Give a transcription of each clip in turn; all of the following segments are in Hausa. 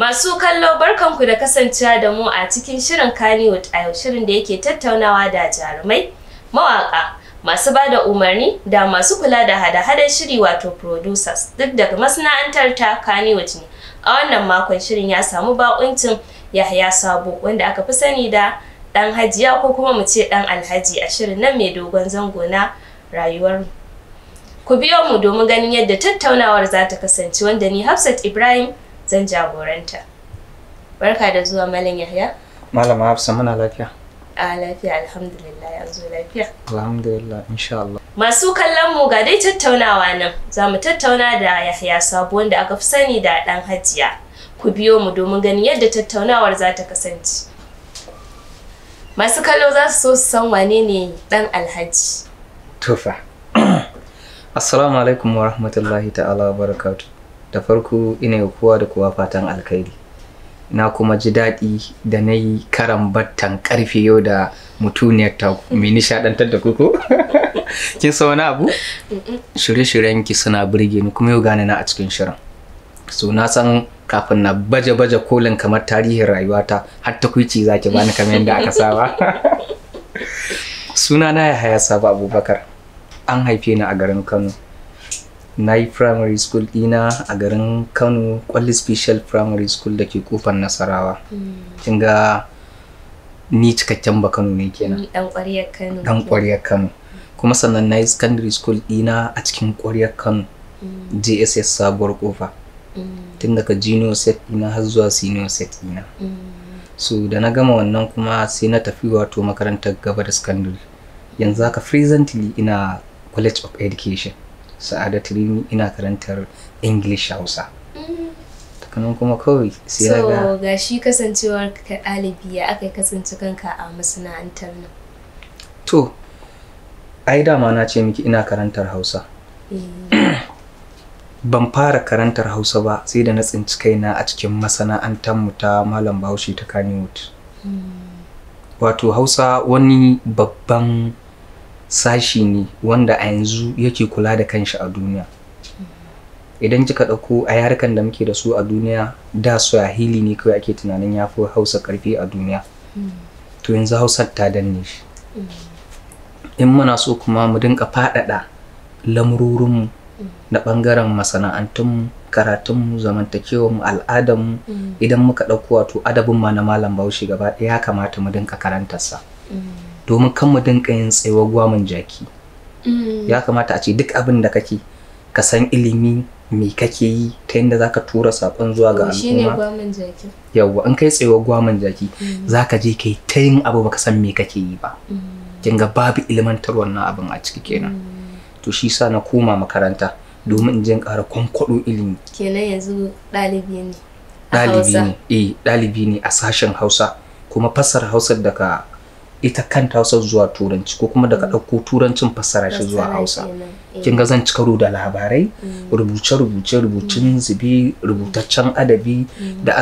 Masu kallo barkanku da kasancewa da mu a cikin shirin Kannywood a yau shirin da yake tattaunawa da jarumai, mawaka, masu ba da umarni da masu kula da hada-hadar shiri wato producers duk daga masana'antar ta Kannywood ne. A wannan makon shirin ya samu bakuncin Yahya Sabo wanda aka fi sani da dan hajiya ko kuma mu ce dan alhaji a shirin nan mai dogon zango na rayuwar Ku biyo mu domin ganin yadda tattaunawar za ta kasance wanda ni Hafsat Ibrahim zan jagoranta. Barka da zuwa Malam Yahya. Malama Hafsa muna lafiya. A lafiya alhamdulillah yanzu lafiya. Alhamdulillah insha Allah. Masu kallon mu ga dai tattaunawa nan za mu tattauna da Yahya Sabo wanda aka fi sani da ɗan Hajiya. Ku biyo mu domin ganin yadda tattaunawar za ta kasance. Masu kallo za su so su san wane ne ɗan Alhaji. Tufa. Assalamu alaikum wa rahmatullahi ta'ala wa barakatuh. da farko ina yi kowa da kowa fatan alkhairi na kuma ji daɗi da na yi karan battan karfe yau da mutuniyar ta mai nishaɗantar da kuku kin sa wani abu shirye-shiryen ki suna birge ni kuma yau gane na a cikin shirin so na san kafin na baje-baje kolin kamar tarihin rayuwata har ta kuici za ki bani kamar yadda aka saba suna na ya haya saba abubakar an haife ni a garin kano na yi primary school dina a garin kano kwalli special primary school da ke kofar nasarawa hmm. kin ga ni cikakken ba kano ne kenan dan kwaryar kano kuma sannan na yi secondary school dina a cikin kwaryar kano hmm. jss sabuwar kofa hmm. tun daga junior set dina har zuwa senior set dina so da na gama wannan kuma sai na tafi wato makarantar gaba da secondary yanzu haka presently ina college of education sa'adatu ina karantar english hausa kanan kuma kawai sai ya ga so ga shi kasancewar ka ɗalibi ya aka kasance kanka a masana'antar nan to ai dama na ce miki ina karantar hausa eh. ban fara karantar hausa ba sai da na tsinci kaina a cikin masana'antar mu ta malam bahaushe ta kaniwood hmm. wato hausa wani babban sashi ne wanda a yanzu yake kula da kanshi a duniya idan kika ɗauko a yarukan da muke da su a duniya da swahili ne kawai ake tunanin ya fi hausa karfi a duniya mm. to yanzu Hausa ta danne shi mm. in muna so kuma mu dinka faɗaɗa lamurorinmu da mm. ɓangaren masana'antunmu karatunmu zamantakewarmu al'adarmu idan muka ɗauko wato adabin ma na malam bahaushe gaba ɗaya ya kamata mu dinka karantarsa. domin kan mu dinka yin tsayuwar gwamin jaki mm. ya kamata a ce duk abin da kake ka san ilimi me kake yi ta yadda za ka tura saƙon zuwa ga al'umma yawwa in kai tsayuwar gwamin jaki mm. za ka je kai ta yin abu baka san me kake yi ba mm. kin ga babu ilimantar wannan abin a ciki kenan to shi sa na koma makaranta domin in je ƙara kwankwaɗo ilimi kenan yanzu ɗalibi ne ɗalibi ne eh ɗalibi ne a sashen hausa kuma fassara hausar daga. ita kanta hausa zuwa turanci ko kuma daga ɗauko turancin fassara shi zuwa hausa eh. kin ga zan cika karo da labarai mm. rubuce rubuce rubucin mm. zube rubutaccen adabi mm. da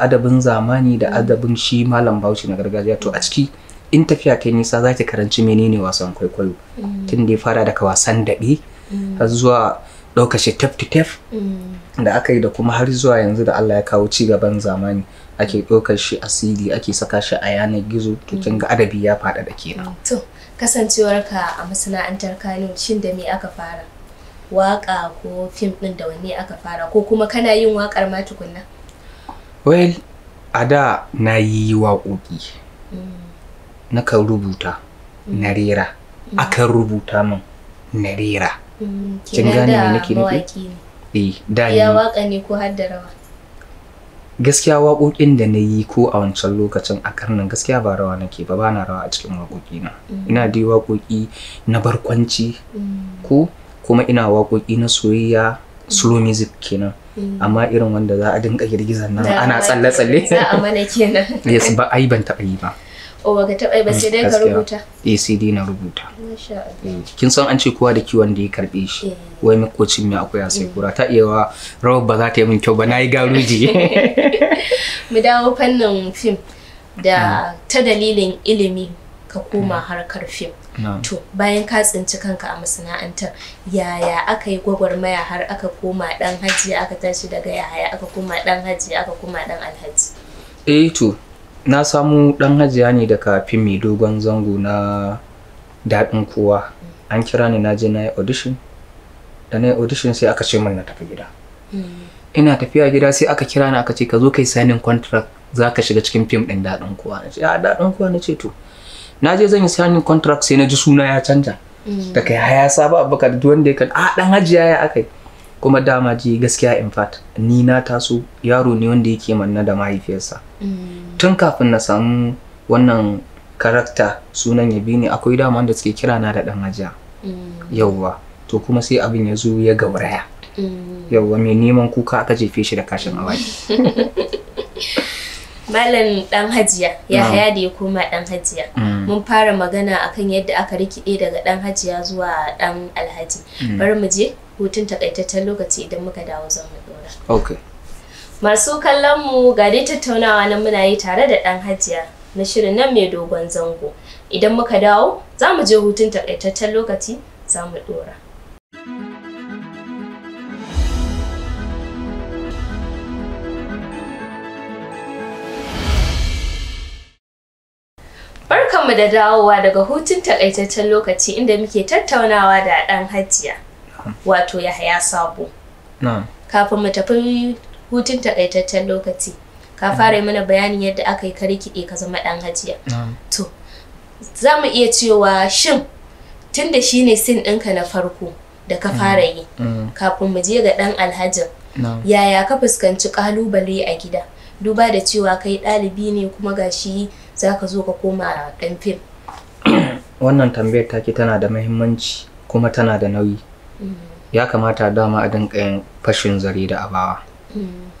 adabin zamani da adabin shi malam bauchi na gargajiya to a ciki in tafiya ta nisa za ki karanci menene wasan kwaikwayo tun da ya fara daga wasan daɓe har zuwa ɗaukashe tef tef da aka yi da kuma har zuwa yanzu da Allah ya kawo ci gaban zamani ake ɗaukar shi asiri ake saka shi a yanar gizo to kin ga adabi ya faɗa da kenan to kasancewarka a masana'antar Kano shin da me aka fara waka ko fim din da wanne aka fara ko kuma kana yin wakar ma tukunna well a da na yi waƙoƙi mm. na kan rubuta mm. na rera mm. akan rubuta min na rera kin gane me nake nufi eh da ya waka ne ko har da rawa gaskiya waƙoƙin da na yi ko a wancan lokacin a karnan gaskiya ba rawa nake ba na rawa a cikin waƙoƙi na mm. ina dai waƙoƙi na barkwanci mm. ko kuma ina waƙoƙi na soyayya mm. slow music kenan amma irin wanda za a dinga girgizan nan ana tsalle-tsalle za a mana kenan yes ba ai ban taɓa yi ba ko baka taɓa ba sai dai ka rubuta eh, acd na rubuta eh, kin san an ce kowa da kiwon da ya karbe shi eh. wai makocin mai akuya sai kura ta iya wa ba za ta yi min kyau ba na yi garuji mu dawo fannin fim da hmm. ta dalilin ilimi ka koma hmm. harkar fim to bayan ka tsinci kanka a masana'antar yaya aka yi gwagwarmaya har aka koma dan haji aka tashi daga yaya aka koma dan haji aka koma dan alhaji eh to na samu dan hajiya ne daga fim mai dogon zango na daɗin kowa an kira ni na je na yi audition da na yi audition sai aka ce min na tafi gida hmm. ina tafiya gida sai aka kira ni aka ce ka zo kai signing contract za ka shiga cikin fim ɗin daɗin kowa na ce a ah, daɗin kowa na ce to na je zan yi signing contract sai na ji suna ya canja hmm. da kai haya abu bakar duk wanda ya kan a dan hajiya ya akai kuma dama ji gaskiya in fact ni na taso yaro ne wanda yake manna da mahaifiyarsa Mm. tun kafin na samu wannan karakta sunan ya bi ne, akwai daman da suke kira na da dan aja mm. yauwa to kuma sai abin ya zo ya gauraya mm. yauwa mai neman kuka aka jefe shi da kashin awaki malam dan hajiya ya haya da ya koma dan hajiya mun fara magana akan yadda aka rikide daga dan hajiya zuwa dan alhaji bari mu je hutun takaitaccen lokaci idan muka dawo zan mu dora okay Masu kallon mu gari tattaunawa nan muna yi tare da ɗan hajiya na shirin nan mai dogon zango. Idan muka dawo za mu je hutun takaitaccen lokaci za mu ɗora. Barkanmu da dawowa daga hutun takaitaccen lokaci inda muke tattaunawa da ɗan hajiya wato Yahaya Sabo. Kafin mu tafi hutun takaitaccen lokaci ka fara mm. mana bayanin yadda aka yi ka rikide ka zama ɗan hajiya to za mu iya cewa shin tun da ne sin ɗinka na farko da ka mm. fara yi mm. kafin mu je ga ɗan alhajin yaya ka fuskanci kalubale a gida duba da cewa kai ɗalibi ne kuma gashi za ka zo ka koma ɗan fim wannan tambayar take tana da mahimmanci kuma tana da nauyi ya kamata dama a dinka yin fashin zare da abawa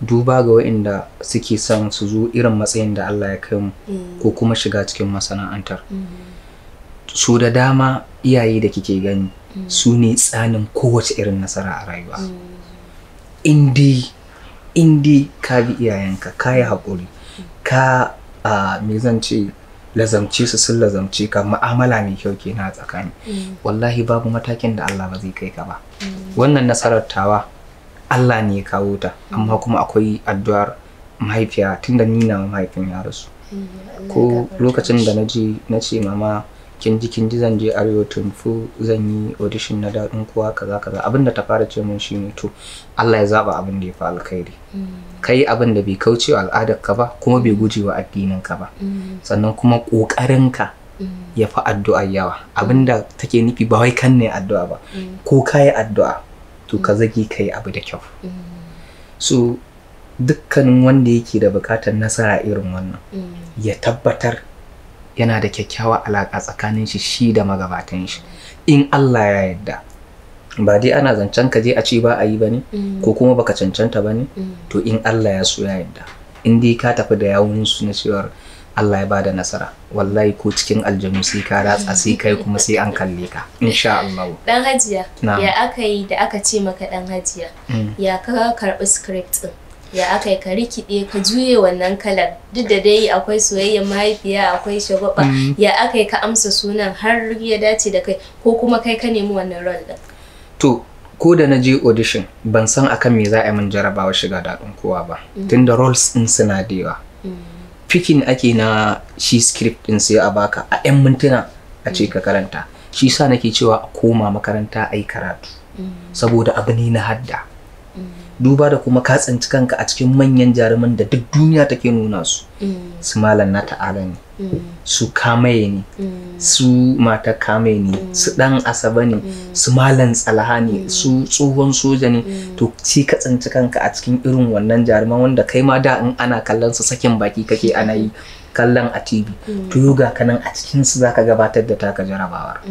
duba ga waɗanda suke son su zo irin matsayin da Allah ya kai mu ko mm. kuma shiga cikin masana'antar mm-hmm. su da dama iyaye da kike gani mm. su ne tsanin kowace irin nasara a rayuwa mm. indi indi ka bi iyayenka ka yi haƙuri ka me zan ce lazamce su sun lazamce ka ma'amala mai kyau kenan a tsakani wallahi babu matakin da Allah ba zai kai ka ba wannan nasarar tawa Allah ne ya kawo ta amma mm. kuma akwai addu'ar mahaifiya tunda ni na mahaifin ya rasu mm, ko lokacin da naje na ce mama kin ji kin ji zan je arewa tunfu zan yi audition na daɗin kowa kaza kaza abin da ta fara ce mun shi ne to Allah ya zaba abin da ya fi alkhairi mm. kai abin da bai kauce wa al'adar ka ba kuma bai guje wa addinin ka ba sannan kuma kokarin ka ya fi addu'a yawa abin da take nufi ba wai kan ne addu'a ba ko kayi addu'a to ka zage ka yi abu da kyau mm. so dukkanin wanda yake da bukatar nasara irin wannan mm. ya tabbatar yana da kyakkyawa alaƙa tsakanin shi shi da magabatan shi in Allah ya yarda ba dai ana zancen ka je a ce ba a yi ba ne mm. ko kuma baka cancanta ba ne to in Allah ya so ya yarda in dai ka tafi da yawun su na cewar Allah ya bada nasara wallahi ko cikin aljanu sai ka ratsa sai kai kuma sai an kalle ka insha Allah dan hajiya ya aka yi da aka ce maka dan hajiya mm. ya ka karbi script din ya aka yi ka rikide ka juye wannan kalar duk da dai akwai soyayyar mahaifiya akwai shagwaba mm. ya aka yi ka amsa sunan har ya dace da kai ko kuma kai ka nemi wannan rol din to ko da na je audition ban san akan me za a yi min jarabawa shiga daɗin kowa ba mm. tunda roles din suna da fikin ake na shi script din sai a baka a 'yan mintuna a ce ka karanta shi sa nake cewa a koma makaranta a karatu mm. saboda abu ne na hadda duba da kuma ka tsinci kanka a cikin manyan jaruman da duk duniya take nuna su mm. su malam na ta'ala ne mm. su kamaye ne mm. su mata kamaye ne su dan asaba ne su malam tsalaha ne su tsohon soja ne to ci ka tsinci kanka a cikin irin wannan jaruman wanda kai ma da in ana kallon su sakin baki kake ana yi kallon a tv to yoga kanan a cikin su zaka gabatar da taka jarabawar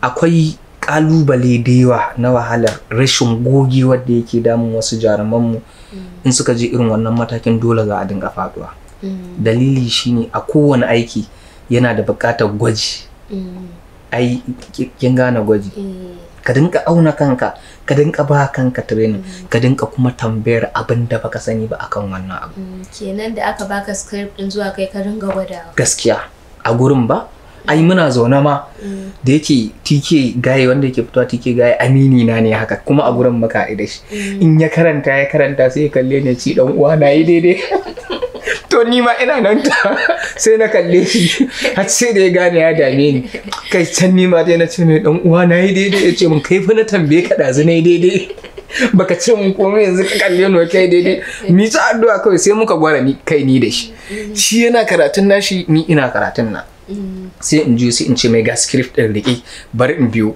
akwai kalubale da yawa na wahalar rashin gogi wanda yake damun wasu jarumanmu mm. in suka je irin wannan matakin dole za a dinga faduwa mm. dalili shine a kowane aiki yana da buƙatar gwaji mm. ai kin gane gwaji ka dinka auna kanka ka dinka ba kanka training ka dinka kuma tambayar abin da baka sani ba akan wannan abu kenan da aka baka script din zuwa kai ka dinga gwadawa gaskiya a gurin ba ai muna zaune ma mm. da yake tk gaye wanda yake fitowa tk gaye amini na ne haka kuma a gurin muka da shi mm. in ya karanta ya karanta sai ya kalle ni ci dan uwa na yi daidai to ni ma ina nan ta sai na kalle shi har sai da ya gane ya dame ni kai can ni ma dai na ce mai dan uwa na yi daidai ya mun kai fa na tambaye ka dazu na yi daidai baka ce mun komai yanzu ka kalle ni kai daidai mi ta addu'a kawai sai muka gwara ni kai ni da shi mm. shi yana karatun nashi ni ina karatun na sai in ji sai in ce mai ga script din riƙe bari in biyo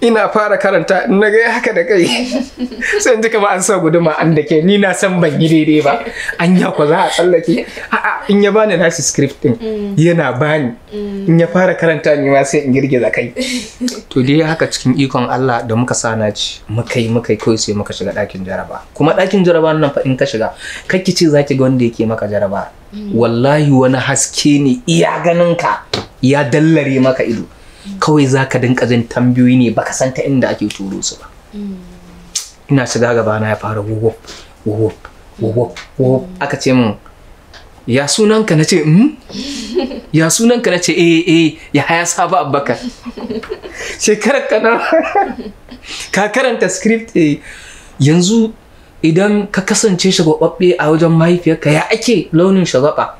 ina fara karanta na ga haka da kai sai in ji kamar an sa guduma an da ke ni na san ban yi daidai ba an ya ku za a tsallake a'a in ya bani nashi script din yana bani in ya fara karanta ni ma sai in girgiza kai to dai haka cikin ikon Allah da muka sana ci muka yi muka yi kawai sai muka shiga ɗakin jaraba kuma ɗakin jaraba nan fa in ka shiga kakki ce zaki ga wanda yake maka jaraba wallahi wani haske ne iya ganinka ya dallare maka ido kawai za ka dinka jin tambayoyi ne baka san ta inda ake turo su ba mm. ina shiga gaba na ya fara wo wo wo wo aka ce min ya sunan ka ce mm? ya sunan ka ce eh eh ya haya saba abbakar shekarar ka na ka karanta script eh yanzu idan ka kasance shagwababbe a wajen mahaifiyarka ya ake launin shagwaba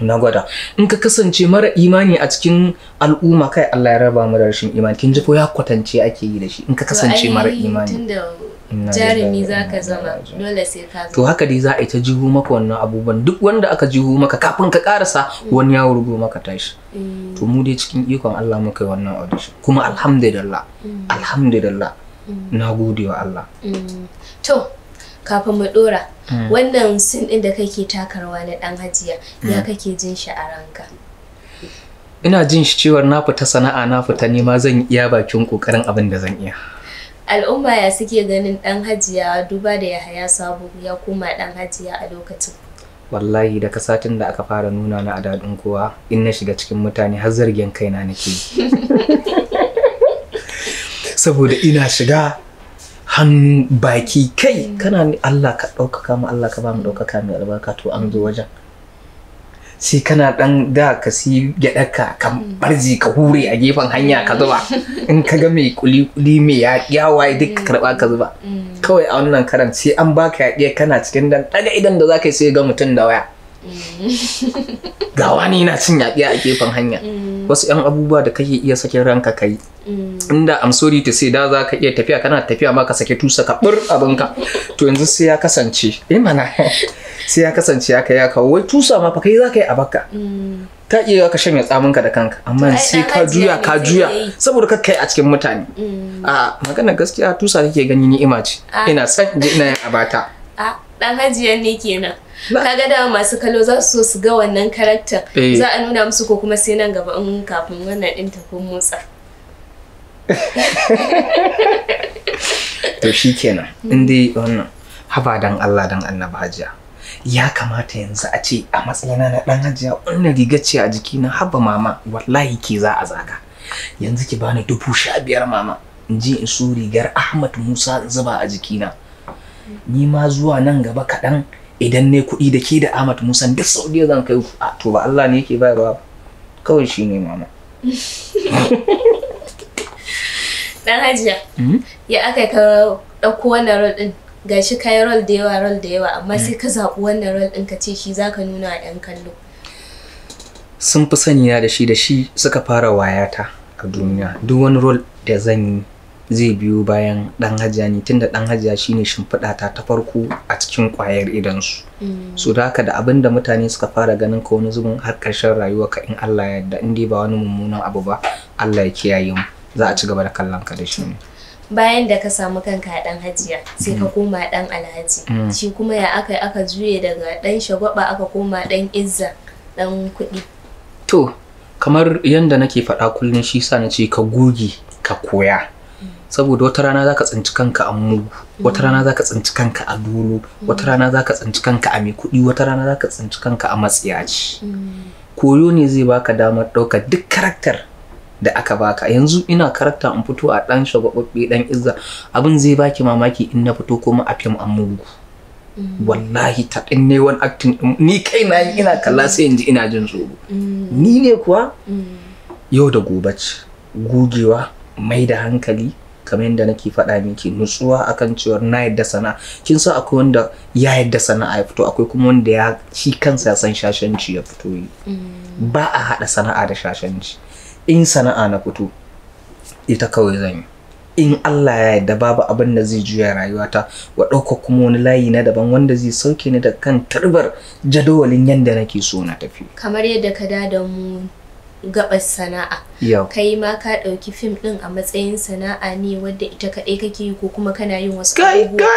na gwada in ka kasance mara imani a cikin al'umma kai Allah ya raba mu da rashin imani kin ji ko ya kwatance ake yi da shi in ka kasance mara imani jarumi za ka zama dole sai ka zama. to haka dai za a yi ta jihu maka wannan abubuwan duk wanda aka jihu maka kafin ka karasa mm. wani ya wurgo maka tashi mm. to mu dai cikin ikon Allah muka yi wannan audition kuma alhamdulillah mm. alhamdulillah na gode wa Allah to kafin mu dora hmm. wannan sin din da kake takarwa na dan hajiya ya hmm. kake jin shi a ranka ina jin shi cewar na fita sana'a na fita nema zan iya bakin kokarin abin da zan iya al'umma ya suke ganin dan hajiya duba da yahaya Sabu ya koma dan hajiya a lokacin wallahi daga satin da aka fara nuna na a daɗin kowa in na shiga cikin mutane har zargin kaina nake saboda ina shiga hannu baki kai kana ni Allah ka ɗaukaka mu Allah ka ba mu ɗaukaka mai albarka to an zo wajen sai kana ɗan da ka si gyaɗarka ka barzi ka hure a gefen hanya ka zuba in ka ga mai kuli-kuli mai yawaye duk ka karɓa ka zuba mm. kawai a wannan karan sai an baka yaɗiya kana cikin dan ɗaga idan da za ka yi sai ga mutum da waya Mm. ga wani yana cin yaƙi a gefen hanya mm. wasu 'yan abubuwa da kake iya sakin ranka kai mm. inda I'm sorry to say da za ka iya tafiya kana tafiya ma ka sake tusa ka bir abinka to yanzu sai ya kasance eh mana sai ya kasance ya kai ya kawo wai tusa ma fa kai za ka yi a baka ta iya ka shanya tsaminka da kanka amma sai ka juya ka juya saboda ka kai a cikin mutane a magana gaskiya tusa kake gani ni'ima ce ina san je ina yin abata a dan hajiya ne kenan kaga da masu kallo za su so su ga wannan karakter eh. za a nuna musu ko kuma sai nan gaba in kafin wannan din ta kun motsa to shi kenan hmm. in dai wannan haba dan Allah dan Annabi Hajiya ya kamata yanzu a ce a matsayina na dan Hajiya wannan riga ce a jikina haba mama wallahi ke za a zaga yanzu ki bani dubu sha biyar mama in je in so rigar Ahmad Musa zuba a jikina ni ma zuwa nan gaba kaɗan idan ne kuɗi da ke da Ahmad Musa duk Saudiya zan kai ku to ba Allah ne yake bayarwa ba kawai shi ne mama dan hajiya hmm? ya aka ka ɗauko wannan rol ɗin gashi ka yi rol da yawa rol da yawa amma hmm. sai ka zaɓi wannan rol ɗin ka ce shi ka nuna a ɗan kallo sun fi sanya da shi da shi suka fara wayata a duniya duk wani rol da zan yi zai biyo bayan ɗan hajiya ne tunda ɗan hajiya shine shimfiɗa ta ta farko a cikin kwayar idan su mm. da haka da abin da mutane suka fara ganin ka wani zubin har ƙarshen rayuwa ka in Allah ya yarda in dai ba wani mummunan abu ba Allah ya kiyaye mu za a ci gaba da kallon ka da shi ne bayan da ka samu kanka a dan hajiya sai ka mm. koma dan alhaji mm. shi kuma ya aka aka juye daga dan shagwaba aka koma dan izza dan kuɗi to kamar yanda nake faɗa kullum shi sa na ce ka goge ka koya saboda wata rana zaka tsinci kanka a mugu wata rana zaka tsinci kanka a dolo wata rana zaka tsinci kanka a mai kuɗi wata rana zaka tsinci kanka a matsiyaci koyo ne zai baka damar ɗauka duk karakter da aka baka yanzu ina karakta in fito a ɗan shagwababbe ɗan izza abin zai baki mamaki in na fito kuma a fim an mugu wallahi ta ɗin ne wani acting ni kai na ina kalla sai in ji ina jin tsoro ni ne kuwa yau da gobe gugewa mai da hankali kamar yadda nake faɗa miki nutsuwa akan cewa na yadda sana'a kin san akwai wanda ya yadda sana'a ya fito akwai kuma wanda ya shi kansa ya san shashanci ya fito yi mm. ba a haɗa sana'a da shashanci in sana'a na fito ita kawai zan yi in Allah ya yadda babu abin da zai juya rayuwata wa ɗauka kuma wani layi na daban wanda zai sauke ni da kan tarbar jadawalin yadda nake so na tafi kamar yadda ka da mu gabas sana'a kai ma ka ɗauki fim ɗin a matsayin sana'a ne wadda ita kaɗai kake yi ko kuma kana yin wasu abubuwa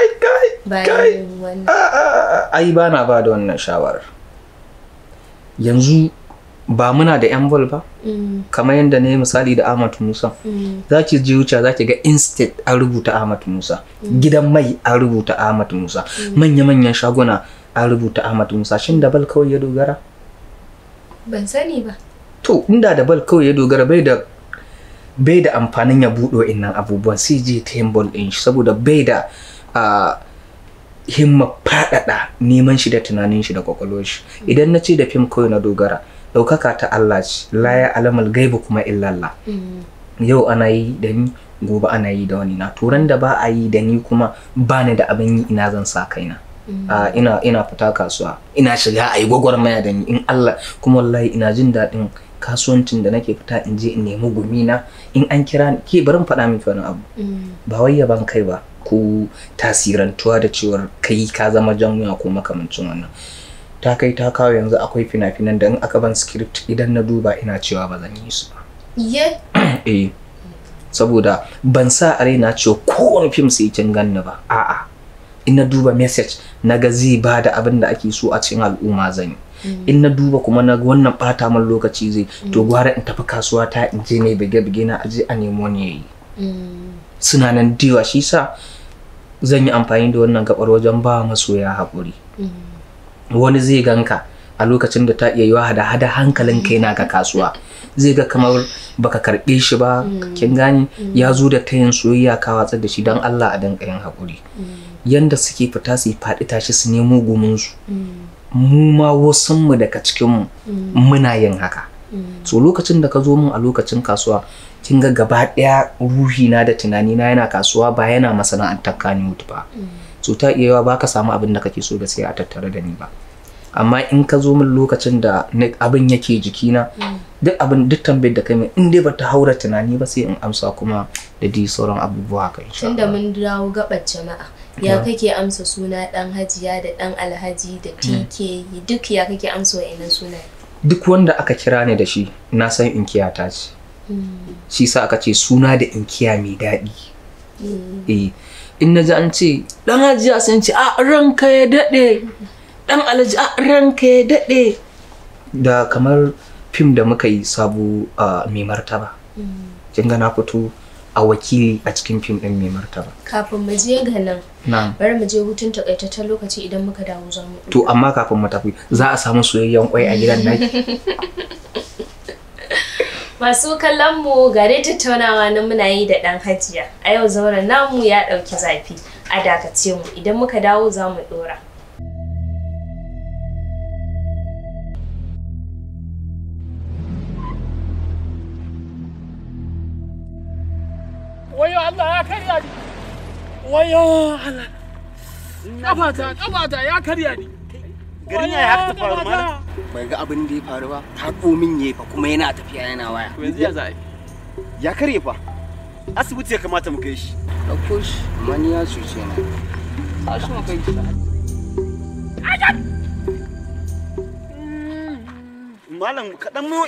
kai wannan ai ba na ba da wannan shawarar yanzu ba muna da envelope ba mm. kamar yadda ne misali da Ahmad Musa mm. za ki je wuce za ki ga instant an rubuta Ahmad Musa mm. gidan mai an rubuta Ahmad Musa manya-manyan shaguna an rubuta Ahmad Musa shin da bal kawai ya dogara ban sani ba to inda da bal kawai ya dogara bai da bai da amfanin ya buɗo innan abubuwan sai je ta yin bol ɗin shi saboda bai da himma faɗaɗa neman shi da tunanin shi da kwakwalwar shi idan na ce da fim kawai na dogara ɗaukaka ta Allah ce laya alamal gaibu kuma illallah mm. yau ana yi da ni gobe ana yi da wani na turan da ba a yi da ni kuma ba ni da abin yi ina zan sa kaina mm. ina ina fita kasuwa ina shiga ayi yi gwagwarmaya da ni in Allah kuma wallahi ina jin daɗin kasuwancin da nake fita in je in nemi gumi na in an kira ni ke bari faɗa miki wani abu mm. ba wai yaban kai ba ko tasirantuwa da cewar kai ka zama jan-wuya ko makamancin wannan ta kai ta kawo yanzu akwai fina-finan da in aka ban script idan na duba ina cewa ba zan yi su ba eh saboda ban sa a na cewa kowane fim sai kin ganni ba a'a in na duba message na ga zai ba da abin da ake so a cikin al'umma zan yi mm. in na duba kuma na wannan bata man lokaci zai mm. to gwara in tafi kasuwa ta in je ne bige bige na aje a nemo ne yayi mm. suna nan diwa shi sa zan yi amfani da wannan gabar wajen ba masoya hakuri wani zai ganka a lokacin da ta iya yiwa hada hada hankalin kai na ga kasuwa zai ga kamar baka karbe shi ba kin gani ya zo da tayin soyayya ka watsar da shi don Allah a danka yin haƙuri yanda suke fita su faɗi tashi su nemo su mm. mu ma mu daga cikin mu mm. muna yin haka mm. so lokacin da ka zo mun a lokacin kasuwa kin ga gaba ɗaya na da tunani na yana kasuwa ba yana masana'antar mutu ba so ta iya ba ka samu abin da kake so sai a tattare da ni ba amma in ka zo min lokacin da abin yake jikina duk abin duk tambayar da kai mai in dai ta haura tunani ba sai in amsa kuma da di sauran abubuwa kai tunda mun dawo gabar jama'a ya kake amsa suna dan hajiya da dan alhaji da hmm. tike duk ya kake amsa wa wa'annan suna. duk wanda aka kira ni da shi na san inkiya ta ce hmm. shi sa aka ce suna da inkiya mai daɗi hmm. eh in na ji an ce dan hajiya sai ce a ranka ya daɗe dan alhaji a ranka ya daɗe da kamar fim da muka yi sabo a ah, mai martaba kin ga na fito a wakili a cikin fim ɗin mai martaba. Kafin mu je ga nan. Bari mu je hutun takaitaccen lokaci idan muka dawo za mu. To amma kafin mu tafi za a samu soyayyen kwai a gidan naki. Masu kallon mu gare tattaunawa na muna yi da ɗan hajiya. A yau zauren namu ya ɗauki zafi. A dakace mu idan muka dawo za mu ɗora. wayo Allah ya karya ni wayo Allah kafata kafata ya karya ni garin ya haka ta faru mana bai ga abin da ya faru ba ta komin y'e fa kuma yana tafiya yana waya yanzu ya za'a ya karye fa asibiti ya kamata mu kai shi dauko shi mani ya cuce na tashi mu kai shi malam kaɗan mu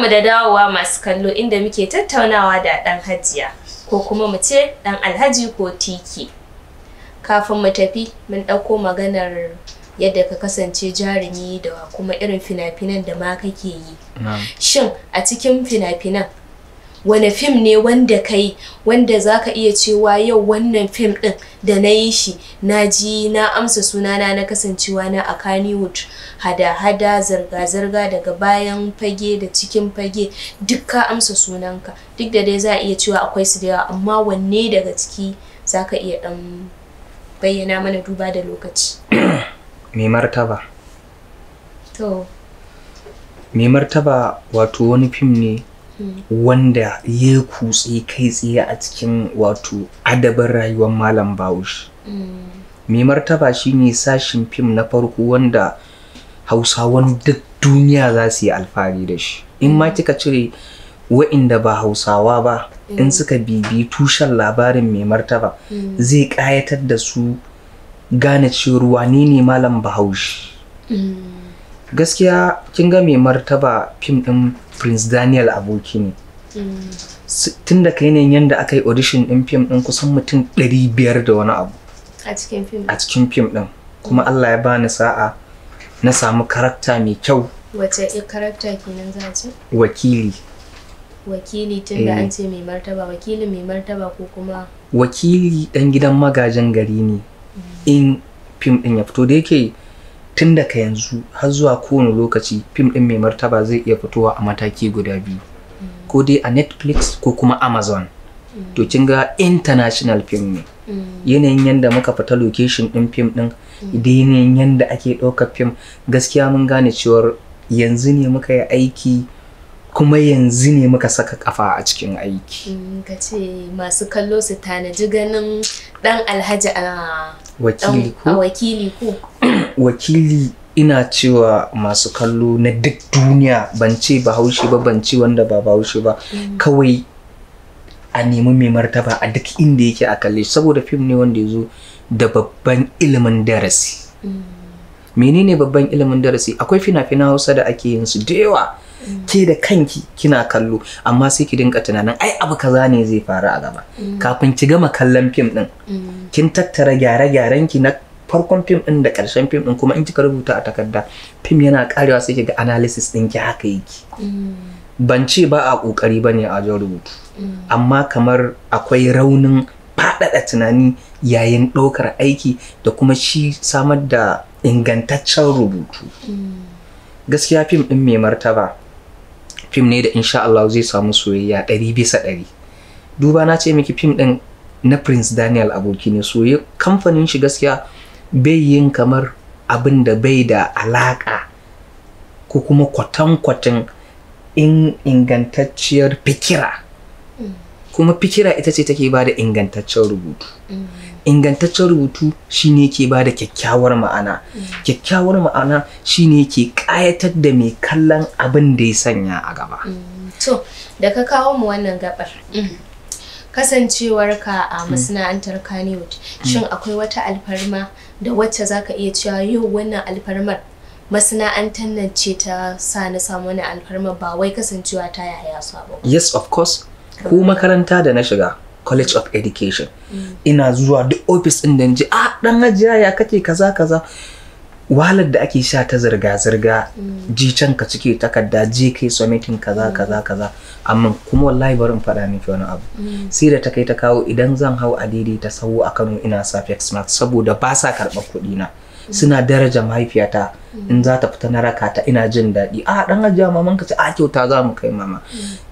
mu da dawowa masu kallo inda muke tattaunawa da ɗan hajiya ko kuma mu ce ɗan alhaji ko tiki. Kafin mu tafi mun ɗauko maganar yadda ka kasance jarumi da kuma irin fina-finan da ma kake yi. Shin a cikin fina-finan wane fim ne wanda kai wanda zaka iya cewa yau wannan fim din da na yi shi na ji na amsa sunana na kasancewa na a Kannywood hada-hada zirga-zirga daga bayan fage da cikin fage duk ka amsa sunanka duk da dai za a iya cewa akwai su da amma wanne daga ciki zaka iya dan bayyana mana duba da lokaci mai martaba to mai martaba wato wani fim ne wanda ya kutse kai tsaye a cikin wato adabin rayuwar malam bahaushe mai martaba shine sashin fim na farko wanda hausawan duk duniya za su yi alfahari da shi in ma kika cire wa'inda ba hausawa ba in suka bibi tushen labarin mai martaba zai ƙayatar da su gane cewa wane ne malam bahaushe gaskiya kin ga mai martaba fim din prince daniel aboki ne mm. tun da kai ne yadda aka yi audition din fim din kusan mutum 500 da wani abu a cikin fim din kuma allah ya bani sa'a na samu karakta mai kyau wace karakta kenan za ce wakili wakili tun da an eh. ce mai martaba wakilin mai martaba ko kuma wakili dan gidan magajin gari ne mm. in fim din ya fito da yake tun daga yanzu har zuwa kowane lokaci fim din mai martaba zai iya fitowa a mataki guda biyu ko dai a netflix ko kuma amazon to kin ga international film ne yanayin yadda muka fita location din fim din, da yanayin yadda ake ɗaukar fim gaskiya mun gane cewa yanzu ne muka yi aiki kuma yanzu ne muka saka kafa a cikin aiki. Mm, ka ce masu kallo su tanaji ganin dan alhaji ah, a wakili ko? wakili ina cewa masu kallo na duk duniya ban ce bahaushe ba ban ce wanda ba haushe ba mm. kawai a nemi mai martaba a duk inda yake a kalle saboda fim ne wanda ya zo da babban ilimin darasi mm. menene babban ilimin darasi akwai fina-finan hausa da ake yin su da yawa mm. ke da kanki kina kallo amma sai ki dinka tunanin ai abu kaza ne zai faru a gaba kafin ki gama kallon fim din kin tattara gyare-gyaren ki na farkon fim din da karshen fim din kuma in kika rubuta a takarda fim yana karewa sai ga analysis din ki haka yake mm. ban ce ba a kokari bane a wajen rubutu mm. amma kamar akwai raunin faɗaɗa tunani yayin ɗaukar aiki da kuma shi samar da ingantaccen rubutu mm. gaskiya fim din mai martaba fim ne da insha Allah zai samu soyayya ɗari bisa ɗari duba na ce miki fim din na prince daniel aboki ne soye kamfanin shi gaskiya bai yin kamar abin da bai da alaƙa ko kuma kwatankwacin in ingantacciyar fikira kuma fikira ita ce take ba da ingantaccen rubutu ingantaccen rubutu shine ke ba da kyakkyawar ma'ana kyakkyawar ma'ana shine ke ƙayatar da mai kallon abin da ya sanya a gaba to da ka kawo mu wannan gabar kasancewarka a hmm. masana'antar kanewood shin hmm. akwai wata alfarma da wacce zaka iya cewa yau wannan alfarmar masana'antar nan ce ta sa na samu wani alfarmar ba wai kasancewa ta yaya ba. Yes of course ko makaranta da na shiga College of Education mm. ina zuwa duk ofis ɗin da ji ah dan hajiya ya kake kaza kaza wahalar da ake sha ta zirga-zirga mm. ji can ka cike takarda je kai submitting kaza mm. kaza kaza amma kuma wallahi barin faɗa miki wani abu mm. sai da ta kai ta kawo idan zan hau a daidai ta sawo a Kano ina sa face saboda ba sa karɓar kuɗi na suna daraja mahaifiyata in za ta fita na raka ta ina jin daɗi a ah, dan ajiya maman ka ce a ah, kyauta za mu kai mama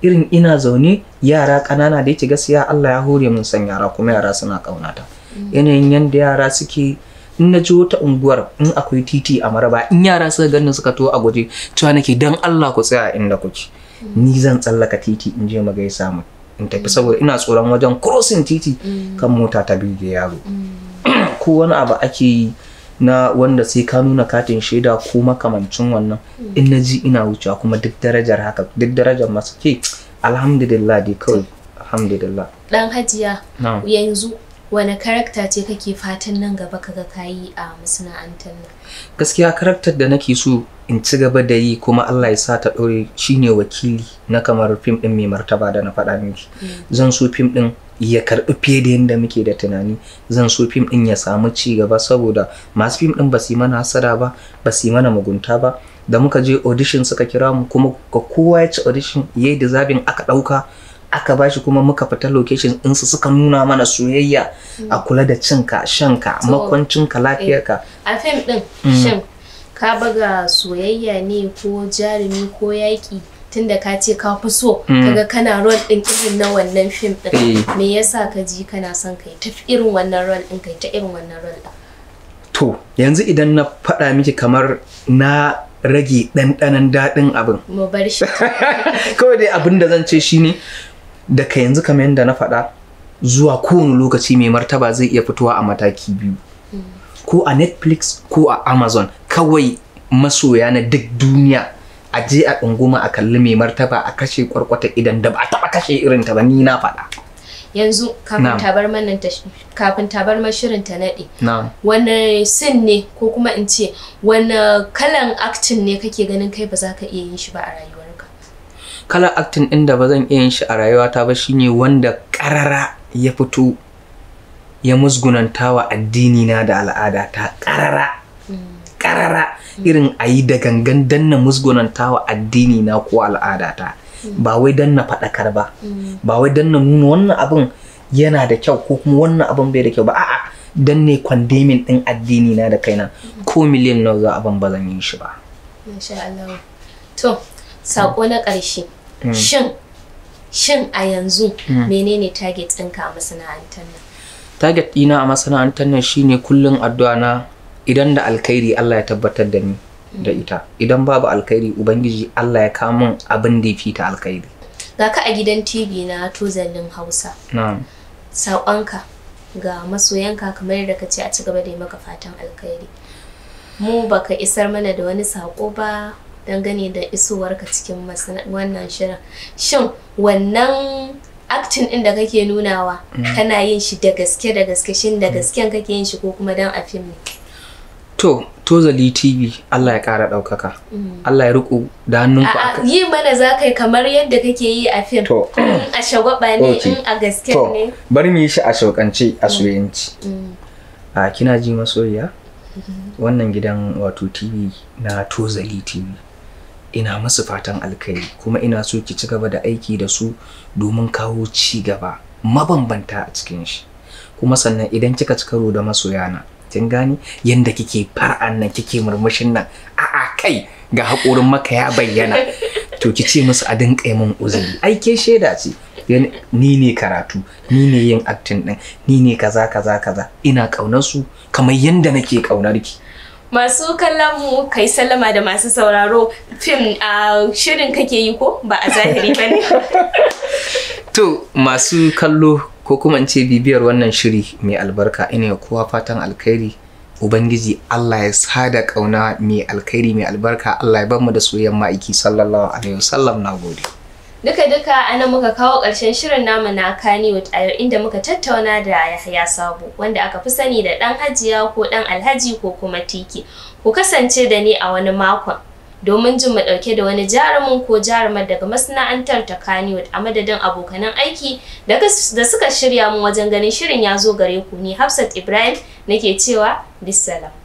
irin ina zaune yara ƙanana da yake gaskiya Allah ya hore mun san yara kuma yara suna ta. yanayin yanda yara suke in na ji wata unguwar in akwai titi a maraba in yara suka ganni suka to a guje cewa nake dan Allah ku tsaya inda kuke ni zan tsallaka titi in je mu gaisa mu in tafi saboda ina tsoron wajen crossing titi mm. kan mota ta bige yaro mm. ko wani abu ake yi na wanda sai ka nuna katin shaida ko makamancin wannan mm. in na ji ina wucewa kuma duk darajar haka duk darajar masu ke alhamdulillah dai kawai alhamdulillah dan hajiya yanzu wani karakta ce kake fatan nan gaba kaga kayi a masana'antar nan gaskiya karaktar da nake so in ci gaba da yi kuma Allah ya sa ta ɗore shine wakili na kamar fim ɗin mai martaba da na faɗa miki hmm. zan so fim ɗin ya karbi fiye da yadda muke da tunani zan so fim ɗin ya samu ci gaba saboda masu fim ɗin ba su yi mana hasada ba ba su mana mugunta ba da muka je audition suka kira mu kuma ga kowa ya ci audition ya da zabin aka ɗauka aka bashi kuma muka fita location ɗinsu suka nuna mana soyayya mm. a kula da cinka shanka makwancinka eh, lafiyarka a fim ɗin mm. shin ka buga soyayya ne ko jarumi ko yaƙi tunda ka ce ka fi so mm. kaga kana rol ɗin irin na wannan fim ɗin eh. me yasa ka ji kana son kai ta irin wannan rol ɗin kai ta irin wannan rol ɗin to yanzu idan na faɗa miki kamar na rage ɗanɗanon daɗin abin. Mu bar shi. Kawai dai abin da zan ce shine daga yanzu kamar yadda na faɗa zuwa kowane lokaci mai martaba zai iya fitowa a mataki biyu ko a netflix ko a amazon kawai masoya na duk duniya a je a ɗunguma a kalli mai martaba a kashe kwarkwata idan da ba a taɓa kashe irin ta ba ni na faɗa yanzu kafin tabar mashirin ta naɗe wani sin ne ko kuma in ce wani kalan actin ne kake ganin kai ba za ka iya yin shi ba a rayuwa kalar acting ɗin da ba zan iya yin shi a rayuwata ba shine wanda ƙarara ya fito ya musgunanta wa addini na da al'ada ta ƙarara ƙarara irin a yi da gangan danna musgunanta wa addini na ko al'ada ta ba wai danna faɗakar ba ba wai danna nuna wannan abin yana da kyau ko kuma wannan abin bai da kyau ba a'a dan ne kwandemin ɗin addini na da kaina ko miliyan nawa za abin ba zan yi shi ba. Masha Allah. To, sako na ƙarshe hmm. shin shin a yanzu hmm. menene target ɗinka a masana'antar nan target ɗina a masana'antar nan shine kullum addu'a na idan da alkhairi Allah ya tabbatar da ni hmm. da ita idan babu alkhairi ubangiji Allah ya ka min abin da ya fita alkhairi ga ka a gidan tv na tozalin hausa saƙonka ga masoyanka kamar yadda ka ce a ci gaba da yi maka fatan alkhairi mu baka isar mana da wani saƙo ba dangane da isowarka cikin wannan shirin shin wannan acting din da kake nunawa mm. kana yin shi da gaske da gaske shin da mm. gasken kake yin shi ko kuma dan a fim ne to tozali tv allah ya kara daukaka mm. allah ya riko da hannun ku a yi mana za kai kamar yadda kake yi a fim to a shagwaba ne in a gaske ne bari mu yi shi a shaukance a soyanci a kina ji masoyiya mm-hmm. wannan gidan wato tv na tozali tv ina musu fatan alkhairi kuma ina so ki ci gaba da aiki da su domin kawo ci gaba mabambanta a cikin shi kuma sannan idan kika ci karo da masoyana kin gani yanda kike far'an nan kike murmushin nan a'a kai ga haƙorin maka ya bayyana to ki ce musu a dinka min uzuri ai ke shaida ce ni ne karatu ni ne yin acting din ni ne kaza kaza kaza ina kaunar su kamar yanda nake kaunar ki masu kallon mu kai sallama da masu sauraro fim a shirin kake yi ko ba a zahiri ba ne to masu kallo ko kuma ce bibiyar wannan shiri mai albarka ina kowa fatan alkhairi ubangiji Allah ya sada kauna mai alkhairi mai albarka Allah ya mu da soyayyen ma'aiki sallallahu alaihi wasallam gode Duka-duka a nan muka kawo ƙarshen shirin namu na Kannywood a yau inda muka tattauna da Yahaya Sabo wanda aka fi sani da ɗan hajiya ko ɗan alhaji ko kuma tiki. Ku kasance da ni a wani makon domin jin mu ɗauke da wani jarumin ko jarumar daga masana'antar ta Kannywood a madadin abokanan aiki da suka shirya mu wajen ganin shirin ya zo gare ku ni Hafsat Ibrahim nake cewa bisalam.